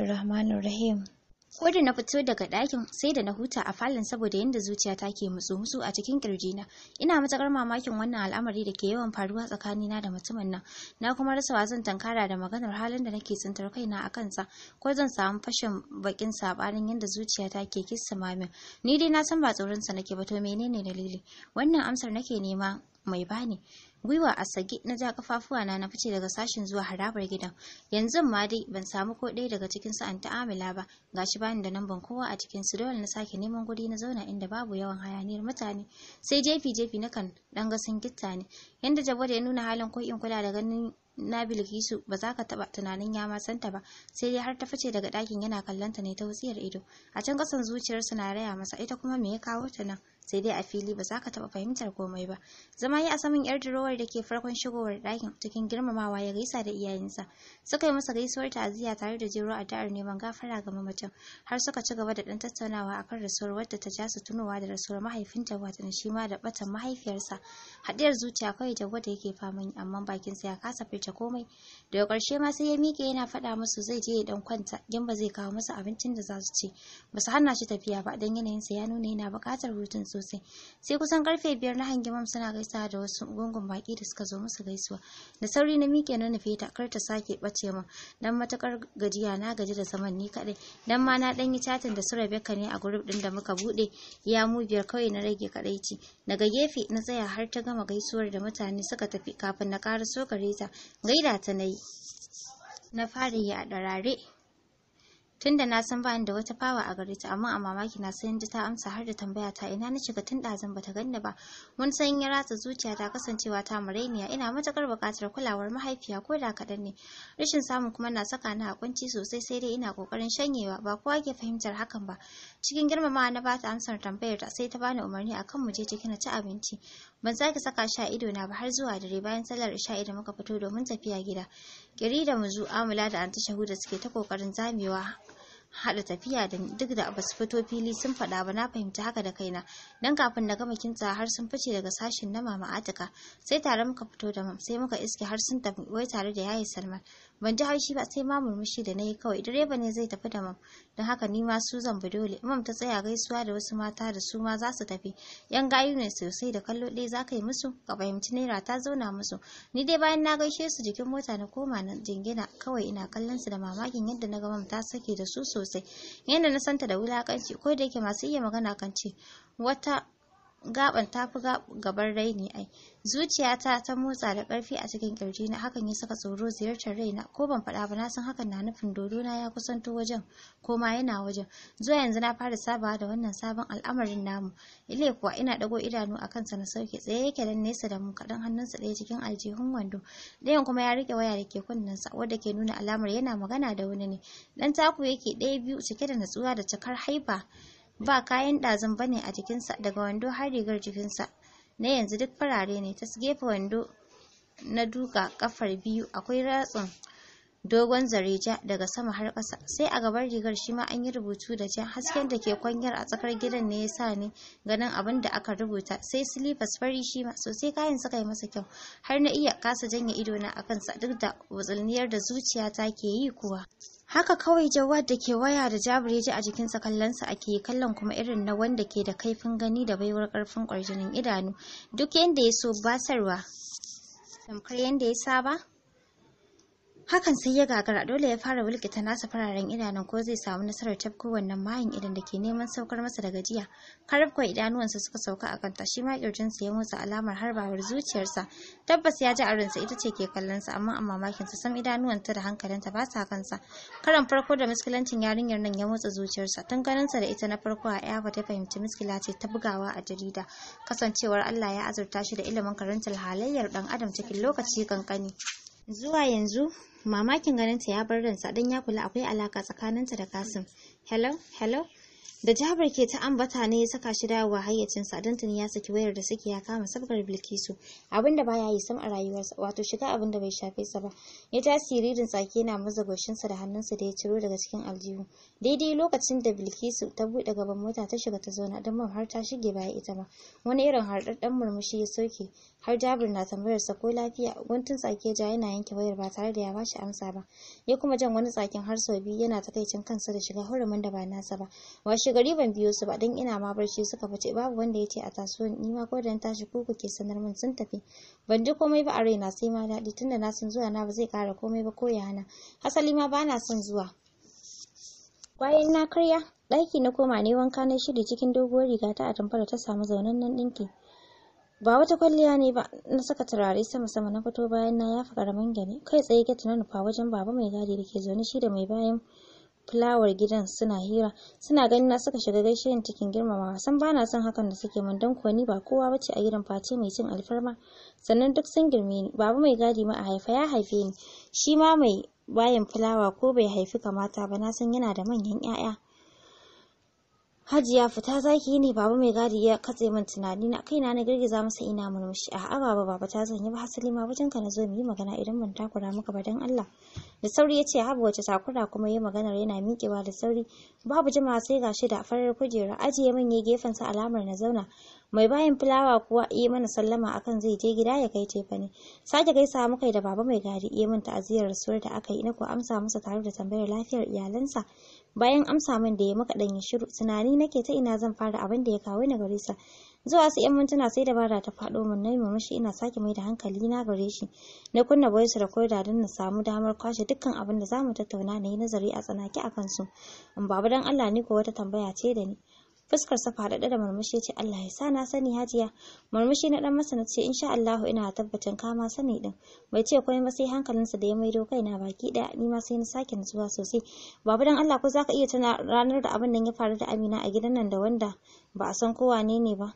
Bismillahirrahmanirrahim. Koda na fito daga ɗakin sai da na huta a falon saboda yadda zuciyata ke mutsu-mutsu a cikin na Ina matuƙar mamakin wannan al'amari da ke yawan faruwa tsakanina da mutumin nan. Na kuma rasa wa zan tankara da maganar halin da nake tsintar kaina a kansa ko zan samu fashin bakin saɓanin yadda zuciyata ke kissa mamin. Ni dai na san ba tsoron sa nake ba to menene dalili? Wannan amsar nake nema mai bani gwiwa a sage na ja kafafuwa na na fice daga sashin zuwa harabar gidan yanzu ma dai ban samu ko ɗaya daga cikin su an ta'amila ba gashi bani da nan ban kowa a cikin su dole na sake neman guri na zauna inda babu yawan hayaniyar mutane sai jefi jefi na kan dan gasin gitta ne yanda jabo da ya nuna halin ko in kula da ganin na bilkisu ba za ka taba tunanin ya santa ba sai dai har ta fice daga ɗakin yana kallonta ne ta wutsiyar ido a can ƙasan zuciyarsu na raya masa ita kuma me ya kawo ta nan sai dai a fili ba za ka taɓa fahimtar komai ba zama yi a saman yar durowar da ke farkon shigowar ɗakin cikin girmamawa ya gaisa da iyayensa suka yi masa gaisuwar ta'aziyya tare da jero addu'ar neman gafara ga mamacin har suka ci gaba da ɗan tattaunawa akan rasuwar wadda ta ja su tunowa da rasuwar mahaifinta na shi ma da batan mahaifiyarsa haɗiyar zuciya kawai da gwada yake faman amma bakinsa ya kasa fita komai daga ƙarshe ma sai ya miƙe yana faɗa musu zai je ya ɗan kwanta ba zai kawo musu abincin da za su ci ba su hana shi tafiya ba don yanayinsa ya nuna yana buƙatar hutun su sosai sai kusan karfe biyar na hangi mam suna gaisawa da wasu gungun baki da suka zo musu gaisuwa da sauri na mike na nufe ta kar ta sake bace mu dan matakar gajiya na gaji da zaman ni kadai dan ma na dan yi chatin da su Rebecca ne a group din da muka buɗe ya mu biyar kawai na rage kadaici daga gefe na tsaya har ta gama gaisuwar da mutane suka tafi kafin na ƙara so gare ta gaida ta nayi na fara yi a ɗarare Tun da na san bani da wata fawa a gare ta amma a mamaki na sai ta amsa har da tambaya ta ina na shiga tun ɗazun bata ganni ba mun san ya ratsa zuciya ta kasancewa ta murainiya ina matakar buƙatar kulawar mahaifiya ko da kaɗan ne rashin samun kuma na saka ni a kunci sosai sai dai ina kokarin shanyewa ba kowa ke fahimtar hakan ba cikin girmamawa na bata amsar tambayar ta sai ta bani umarni akan mu je ciki na ci abinci ban sake saka sha a ido na ba har zuwa dare bayan sallar isha idan muka fito domin tafiya gida Kiri da muzu amula da shahu shahuda suke ta kokarin zamewa haɗa tafiya da duk da basu fito fili sun faɗa ba na fahimta haka da kaina dan kafin na gama kinta har sun fice daga sashin na mama atika sai tare muka fito da sai muka iske har sun tafi wai tare da yayi salman ban ji haushi ba sai ma murmushi da nayi kawai direba ne zai tafi da mam don haka ni ma su zan bi dole mam ta tsaya gaisuwa da wasu mata da su ma za su tafi yan gayu ne sosai da kallo ɗaya za ka yi musu ka fahimci naira ta zauna musu ni dai bayan na gaishe su jikin mota na koma na jingina kawai ina kallon su da mamakin yadda na ga mam ta sake da su sosai yadda na santa da wulakanci ko da yake masu iya magana kan ce wata gaban ta fi gaban rai ne ai zuciyata ta motsa da ƙarfi a cikin ƙirji na hakan ya saka tsoro ziyartar raina ko ban faɗa ba na san hakan na nufin dodo na ya kusanto wajen ko ma yana wajen zuwa yanzu na fara sabawa da wannan sabon al'amarin namu ile kuwa ina dago idanu a kansa na sauke tsaye yake dan nesa da mu kaɗan hannunsa ɗaya cikin aljihun wando ɗayan kuma ya riƙe waya da ke kunnensa wadda ke nuna alamar yana magana da wani ne ɗan taku yake ɗaya biyu cike da natsuwa da cakar haifa ba kayan ɗazun bane a jikinsa daga wando har rigar jikinsa na yanzu duk farare ne ta gefe wando na duka kafar biyu akwai ratsin dogon zare daga sama har ƙasa sai a gaban rigar shi ma an yi rubutu da ja hasken da ke kwanyar a tsakar gidan ne ya sa ni ganin abin da aka rubuta sai silifas fari shi ma sosai kayan suka yi masa kyau har na iya kasa janye idona a kansa duk da wutsulniyar da zuciya ta ke yi kuwa haka kawai jawad da ke waya da jabir ya ji a jikinsa kallonsa ake kallon kuma irin na wanda ke da kaifin gani da baiwar karfin kwarjinin idanu duk yanda ya so basarwa tamkar yanda ya saba Hakan sai ya gagara dole ya fara wulkita nasa fararen idanun ko zai samu nasarar tafko wannan mayin idan da ke neman saukar masa da gajiya. Karafkon idanuwansa suka sauka a kanta shi ma kirjinsa ya motsa alamar harbawar zuciyarsa. Tabbas ya ji arinsa ita ce ke kallonsa amma a mamakinsa sam idanuwanta da hankalinta ba sa kansa. Karan farko da miskilancin yarinyar nan ya motsa zuciyarsa tun ganinsa da ita na farko a ba ta fahimci miskila ce ta bugawa a jarida. Kasancewar Allah ya azurta shi da ilimin karantar halayyar dan adam cikin lokaci kankani. Zuwa yanzu, mamakin ganinta ya bar ransa don ya kula akwai alaka tsakaninta da Kasim. Hello, hello, da Jabir ke ta ambata ne ya saka shi dawowa hayyacinsa don tuni ya saki wayar da suke ya kama sabgar Bilkisu abinda baya yi sam a rayuwarsa wato shiga abinda bai shafe sa ba ya ta siririn tsaki yana maza goshinsa da hannunsa da ya ciro daga cikin aljihu daidai lokacin da Bilkisu ta buɗe gaban mota ta shiga ta zauna don har ta shige baya ita ma wani irin harɗaɗɗen murmushi ya sauke har Jabir na tambayar sa ko lafiya guntun tsaki ja yana yanke wayar ba tare da ya bashi amsa ba ya kuma jan wani tsakin har sau biyu yana takaicin kansa da shiga hurumin da ba nasa ba washe ce gari ban biyo su ba dan ina ma barci suka fice babu wanda ya ce a taso ni ma ko dan tashi ko kuke sanar min sun tafi ban ji komai ba a raina sai ma daɗi tunda na san zuwa na ba zai kara komai ba ko ya hana hasali ma bana son zuwa bayan na karya ɗaki na koma ne wanka na shiri cikin doguwar riga ta atamfar ta samu zaunannen ɗinki ba wata kwalliya ne ba na saka turare sama sama na fito bayan na yafa karamin gani kai tsaye gate na nufa wajen baba mai gadi da ke zaune shi da mai bayan fulawar gidan suna hira suna na suka shiga gaishe ni cikin girmamawa san bana son hakan da suke min dan kuwa ni ba kowa bace a gidan face mai cin alfarma sannan duk sun girme ni babu mai gadi ma a haifa ya haife ni shi ma mai bayan fulawa ko bai haifi kamata ba na san yana da manyan 'ya'ya Hajiya fita zaki ne baba mai gadi ya katse min tunani na kaina na girgiza masa ina murmushi a'a baba baba ta yi ba hasali ma wajenka na zo mu yi magana idan ban takura maka ba dan Allah da sauri ya ce haba wace takura kuma yi maganar yana miƙewa da sauri babu jama'a sai gashi da farar kujera ajiye min gefen sa alamar na zauna mai bayan fulawa kuwa iya mana sallama akan zai je gida ya kai ne sake gaisa muka da baba mai gari iya min ta'aziyar rasuwar da aka yi na ku amsa masa tare da tambayar lafiyar iyalansa bayan amsa min da ya maka dan yi shiru tunani ke ta ina zan fara abin da ya kawo ni gare sa zuwa su yan mintuna sai da dabara ta faɗo min mu mamashi ina sake mai da hankali na gare shi na kunna voice recorder don na samu damar kwashe dukkan abin da zamu tattauna na yi nazari a tsanaki akan su in babu dan Allah ni ko wata tambaya ce da ni fuskar sa fa da murmushi ya ce Allah ya sa na sani hajiya murmushi na dan masana ce insha Allahu ina tabbacin kama sani din bai ce komai ba sai hankalinsa da ya maido na baki ɗaya ni ma sai na sake nutsuwa sosai babu dan Allah ko zaka iya tana ranar da abin nan ya faru da Amina a gidan nan da wanda ba a san kowa ne ne ba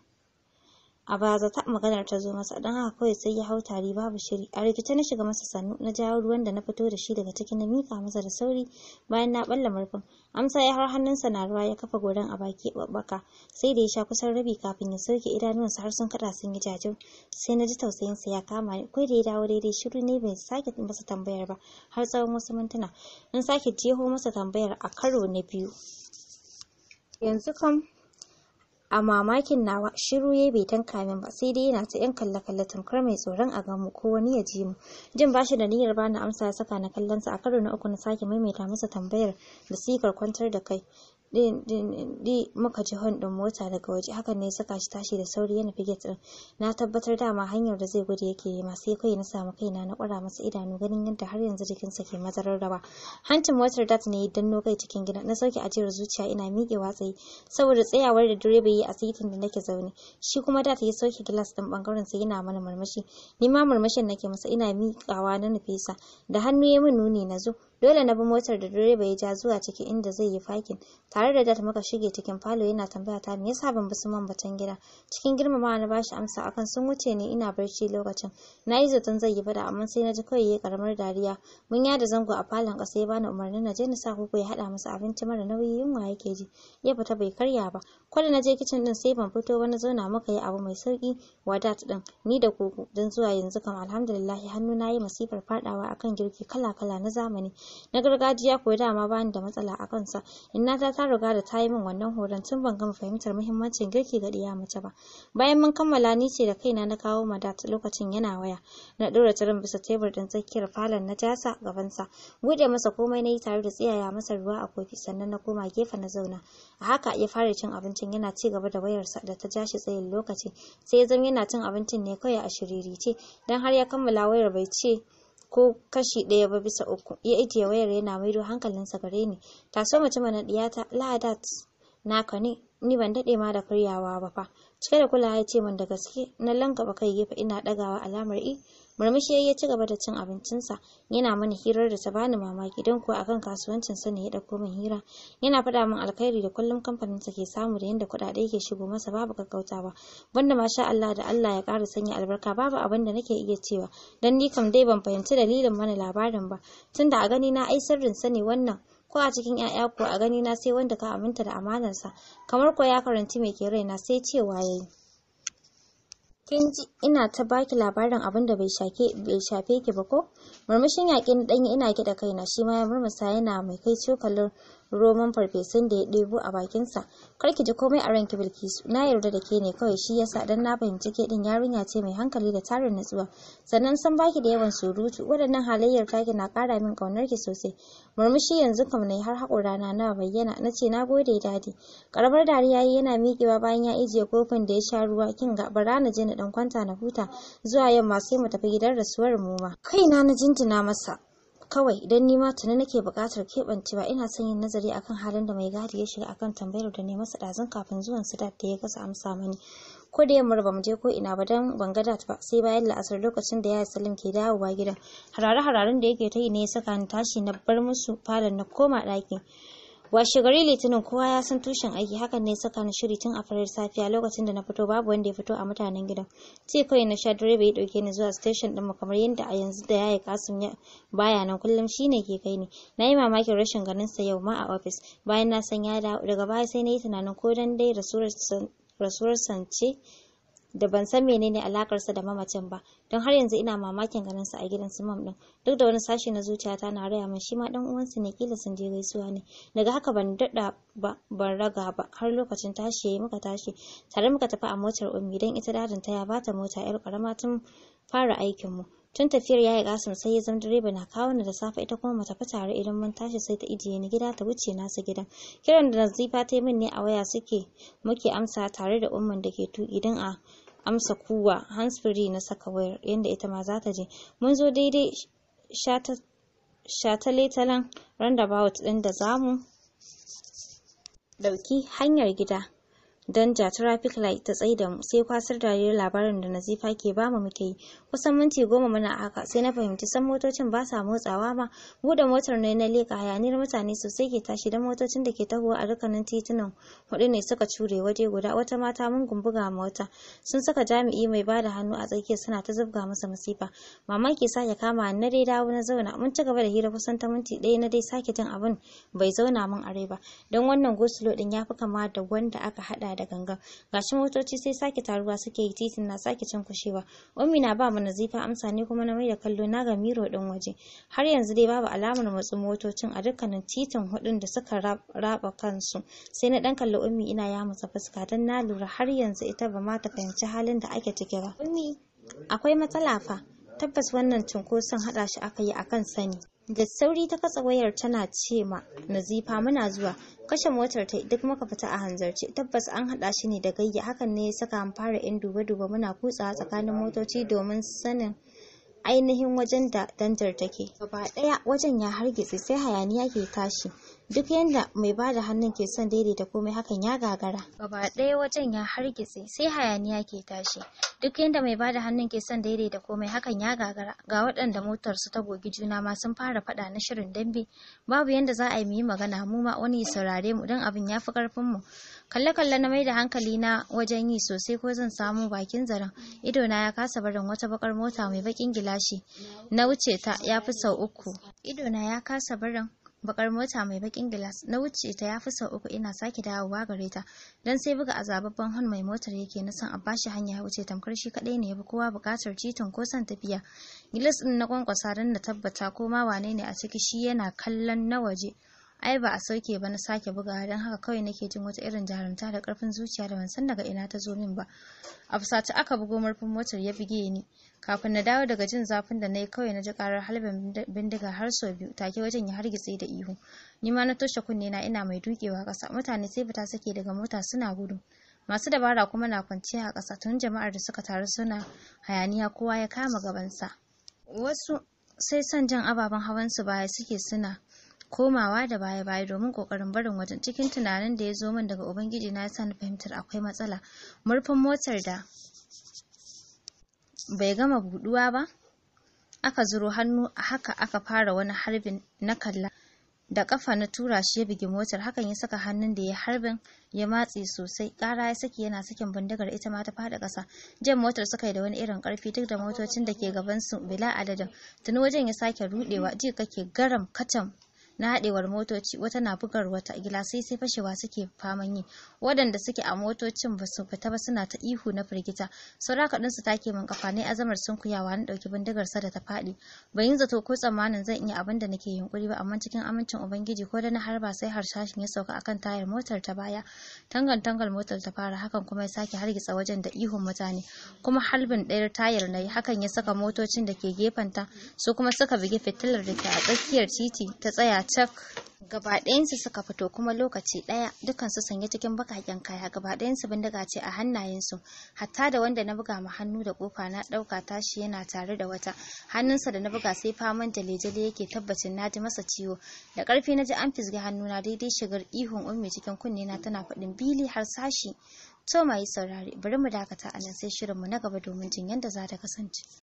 a ba zata maganar ta zo masa don haka kawai sai ya hau tari babu shiri a rikice na shiga masa sannu na jawo ruwan da na fito da shi daga cikin na mika masa da sauri bayan na balla murfin amsa ya har hannunsa na ruwa ya kafa goran a baki babbaka sai da ya sha kusan rabi kafin ya sauke idanuwansa har sun kada sun yi jajir sai na ji tausayinsa ya kama ni kai da ya dawo daidai shiru ne bai sake masa tambayar ba har tsawon wasu mintuna in sake jeho masa tambayar a karo na biyu yanzu kam a mamakin nawa shiru ya bai tanka min ba sai dai yana ta yan kalle kalle tamkar mai tsoron a gamu ko wani ya ji mu jin bashi da niyyar bani amsa ya saka na kallon sa a karo na uku na sake maimaita masa tambayar da sikar kwantar da kai di muka ji hon din mota daga waje hakan ne saka shi tashi da sauri yana fige din na tabbatar dama hanyar da zai gudu yake yi sai kai na samu kaina na kura masa idanu ganin yadda har yanzu jikinsa ke mazarar raba hancin motar dat ne danno kai cikin gida na sauke ajiyar zuciya ina miƙe watsayi saboda tsayawar da direba yi a sitin da nake zaune shi kuma dat ya sauke gilas ɗin bangaren sa yana mana murmushi ni ma murmushin nake masa ina miƙawa na nufesa da hannu ya min nuni na zo Dole na bi motar da direba ya ja zuwa ciki inda zai yi fakin. Tare da dat muka shige cikin falo yana tambaya ta me yasa ban bi su man batan gida. Cikin girmamawa na bashi amsa akan sun wuce ne ina barci lokacin. Na yi zaton zai yi fada amma sai na ji kawai ya karamar dariya. Mun da zango a falon kasa ya bani umarnin na je na sa koko ya haɗa masa abinci mara nauyi yunwa yake ji. Ya fita bai karya ba. Kwada na je kicin din sai ban fito wani zauna muka yi abu mai sauki wadat din ni da koko don zuwa yanzu kam alhamdulillah hannu na yi masifar faɗawa akan girki kala-kala na zamani. na gargajiya kuwa dama bani da matsala a kansa Inna ta riga da ta yi min wannan horon tun ban gama fahimtar muhimmancin girki ga ɗiya mace ba bayan mun kammala ni ce da kaina na kawo madat lokacin yana waya na ɗora tirin bisa tebur ɗin tsakiyar falon na jasa gabansa buɗe masa komai na yi tare da tsiyaya masa ruwa a kofi sannan na koma gefe na zauna a haka ya fara cin abincin yana ci gaba da wayarsa da ta jashi tsayin lokaci sai ya zama yana cin abincin ne kawai a shiririce dan har ya kammala wayar bai ce ko kashi ɗaya ba bisa uku ya ajiye wayar yana maido hankalinsa gare ni taso mace mana diyata ladat naka ne ni ban daɗe ma da karyawa ba fa cike da kulawa ya ce min da gaske na lankaba kai gefe ina dagawa alamar i e. murmushi ya ci gaba da cin abincinsa yana mana hirar da ta bani mamaki don kuwa akan kasuwancin sa ne ya dauko min hira yana faɗa min alkhairi da kullum kamfanin sa ke samu da yadda kuɗaɗe ke shigo masa babu ba. banda masha Allah da Allah ya ƙara sanya albarka babu abin da nake iya cewa dan ni kam dai ban fahimci dalilin mana labarin ba tunda a gani na ai sirrin sa ne wannan ko a cikin 'ya'ya ko a gani na sai wanda ka aminta da amanarsa kamar ko ya karanci mai ke raina sai cewa yayi kin ji ina ta baki labarin abin da bai shafe ki ba ko murmushin yaƙin na ɗanyi ina kiɗa kaina shi ma ya murmusa yana mai kai cokalin roman farfesun da ya ɗebo a bakinsa kar ki ji komai a ranki bilkisu na yarda da ke ne kawai shi yasa dan na fahimci ke din yarinya ce mai hankali da tarin natsuwa sannan san baki da yawan surutu waɗannan halayyar taki na ƙara min ƙaunar ki sosai murmushi yanzu kam yi har haƙorana na bayyana na ce na gode dadi karamar dariya yi yana miƙewa bayan ya ijiye kofin da ya sha ruwa kin ga bara na je na dan kwanta na huta zuwa yamma sai mu tafi gidan rasuwar mu ma kaina na jinjina masa kawai idan ni ma tuni nake buƙatar keɓancewa ina son yin nazari akan halin da mai gadi ya shiga akan tambayar da ne masa ɗazun kafin zuwan su da ya gasa amsa mani ko da yamma ba mu je ko ina ba dan ban ga dat ba sai bayan la'asar lokacin da ya Salim ke dawowa gidan harare hararen da yake ta yi ne ya saka ni tashi na bar musu falon na koma ɗakin washe gari litinin kowa ya san tushen aiki hakan ne saka na shiri tun a farar safiya lokacin da na fito babu wanda ya fito a mutanen gidan ce kawai na sha direba ya dauke ni zuwa station din kamar yadda a yanzu da yayi yi ya baya nan kullum ne ke kai ni na yi mamakin rashin ganin sa yau ma a ofis bayan na san ya dawo daga baya sai na yi tunanin ko dan dai rasuwar rasuwar sance da ban san menene alakarsa da mamacin ba don har yanzu ina mamakin ganin sa a gidan su mam din duk da wani sashi na zuciya ta na raya min shi ma dan uwansu ne kila sun je gaisuwa ne daga haka ban dada ba ban raga ba har lokacin tashi yayi muka tashi tare muka tafi a motar ummi dan ita dadin ta ya bata mota yar karama tun fara aikin mu tun tafiyar yayi kasim sai ya zama direba na kawo ni da safe ita kuma mata fa tare idan mun tashi sai ta ijiye ni gida ta wuce nasa gidan kiran da nazifa ta yi min ne a waya suke muke amsa tare da umman da ke tuki don a amsa kuwa hansfiri na saka wayar yadda ita ma za ta je mun zo daidai shataletalen roundabout din da za mu ɗauki hanyar gida danja ja traffic light ta tsaye da mu sai kwasar dariyar labarin da nazifa ke mu muke yi kusan minti goma muna haka sai na fahimci san motocin ba sa motsawa ma buɗe motar ne na leka hayaniyar mutane sosai ke tashi da motocin da ke tahowa a dukkanin titunan hudu ne suka cure waje guda wata mata mun gumbuga ma sun saka jami'i mai ba da hannu a tsakiya suna ta zubga masa musifa mamaki sa ya kama na dai dawo na zauna mun ci gaba da hira kusan ta minti ɗaya na dai sake jin abin bai zauna mun are ba don wannan gosulo din ya fi kama da wanda aka haɗa da gangan gashi motoci sai sake taruwa suke yi titin na sake cinkushewa ummi na ba mu nazifa amsa ne kuma na mai da kallo na ga miro din waje har yanzu dai babu alamar matsin motocin a dukkanin titin hudun da suka raba kansu sai na dan kalli ummi ina ya masa fuska dan na lura har yanzu ita ba ma ta fahimci halin da ake ciki ba ummi akwai matsala fa tabbas wannan cinkoson hada shi aka yi akan sani da sauri ta katsa wayar tana ce ma nazifa muna zuwa kashe motar ta duk muka fita a hanzarce tabbas an hada shi ne da gayya hakan ne ya saka an fara yan duba-duba. muna kutsawa tsakanin motoci domin sanin ainihin wajen da danjar take gaba daya wajen ya hargitse sai hayaniya ke tashi duk yanda mai bada hannun ke son daidaita komai hakan ya gagara gaba ɗaya wajen ya hargitse sai hayaniya ke tashi duk yanda mai bada hannun ke son daidaita komai hakan ya gagara ga waɗanda motar su ta gogi juna ma sun fara faɗa na shirin dambe babu yadda za a yi mu yi magana mu ma wani ya saurare mu don abin ya fi ƙarfin mu kalle kalle na mai da hankali na wajen yi sosai ko zan samu bakin zaren Idona ya kasa barin wata bakar mota mai bakin gilashi na wuce ta ya fi sau uku ido ya kasa barin bakar mota mai bakin gilas na wuce ta ya fi sau uku ina sake dawowa gare ta Don sai buga azababban hon mai motar yake na san a bashi hanya ya wuce tamkar shi kadai ne ya bi kowa bukatar titin ko son tafiya gilas din na kwankwasa dan na tabbata ko ma wane ne a ciki shi yana kallon na waje ai ba a sauke ba na sake bugawa don haka kawai nake jin wata irin jarumta da karfin zuciya da ban san daga ina ta zo min ba a fusace aka bugo murfin motar ya bige ni kafin na dawo daga jin zafin da na yi kawai na ji karar halbin bindiga har sau biyu take wajen ya hargitse da ihu ni ma na toshe kunne na ina mai dukewa ƙasa mutane sai fita suke daga mota suna gudu masu dabara kuma na kwanciya a ƙasa tun jama'ar da suka taru suna hayaniya kowa ya kama gabansa wasu sai son jan ababen hawan su baya suke suna komawa da baya baya domin kokarin barin wajen cikin tunanin da ya zo min daga ubangiji na sa na fahimtar akwai matsala murfin motar da bai gama buɗuwa ba aka zuro hannu a haka aka fara wani harbin na kalla da kafa na tura shi ya bugi motar hakan ya saka hannun da ya harbin ya matse sosai kara ya saki yana sakin bindigar ita ma ta fada kasa jan motar suka yi da wani irin karfi duk da motocin da ke gaban su bila adadin tuni wajen ya sake rudewa ji kake garam kacam na haɗewar motoci wata na bugar wata gilasai sai sai fashewa suke faman yi waɗanda suke a motocin ba su fita ba suna ta ihu na firgita saura kaɗin su take min kafa ne azamar sunkuyawa na ɗauki bindigar sa da ta faɗi bai yin zato ko tsammanin zan iya abin da nake yunkuri ba amma cikin amincin ubangiji ko da na harba sai harsashin ya sauka akan tayar motar ta baya tangan tangal motar ta fara hakan kuma ya sake hargitsa wajen da ihun mutane kuma halbin ɗayar tayar na yi hakan ya saka motocin da ke gefenta su kuma suka bugi fitilar da ke a tsakiyar titi ta tsaya cak ɗayansu suka fito kuma lokaci ɗaya dukansu sanye cikin bakaken kaya gabaɗayansu bindiga ce a hannayensu hatta da wanda na buga ma hannu da kofa na ɗauka tashi yana tare da wata hannunsa da na buga sai faman jalejale yake tabbacin na ji masa ciwo da ƙarfi na ji an fisge hannuna daidai shigar ihun ummi cikin kunne na tana faɗin bili har sashi to mai saurare bari mu dakata a nan sai shirinmu na gaba domin jin yadda za ta kasance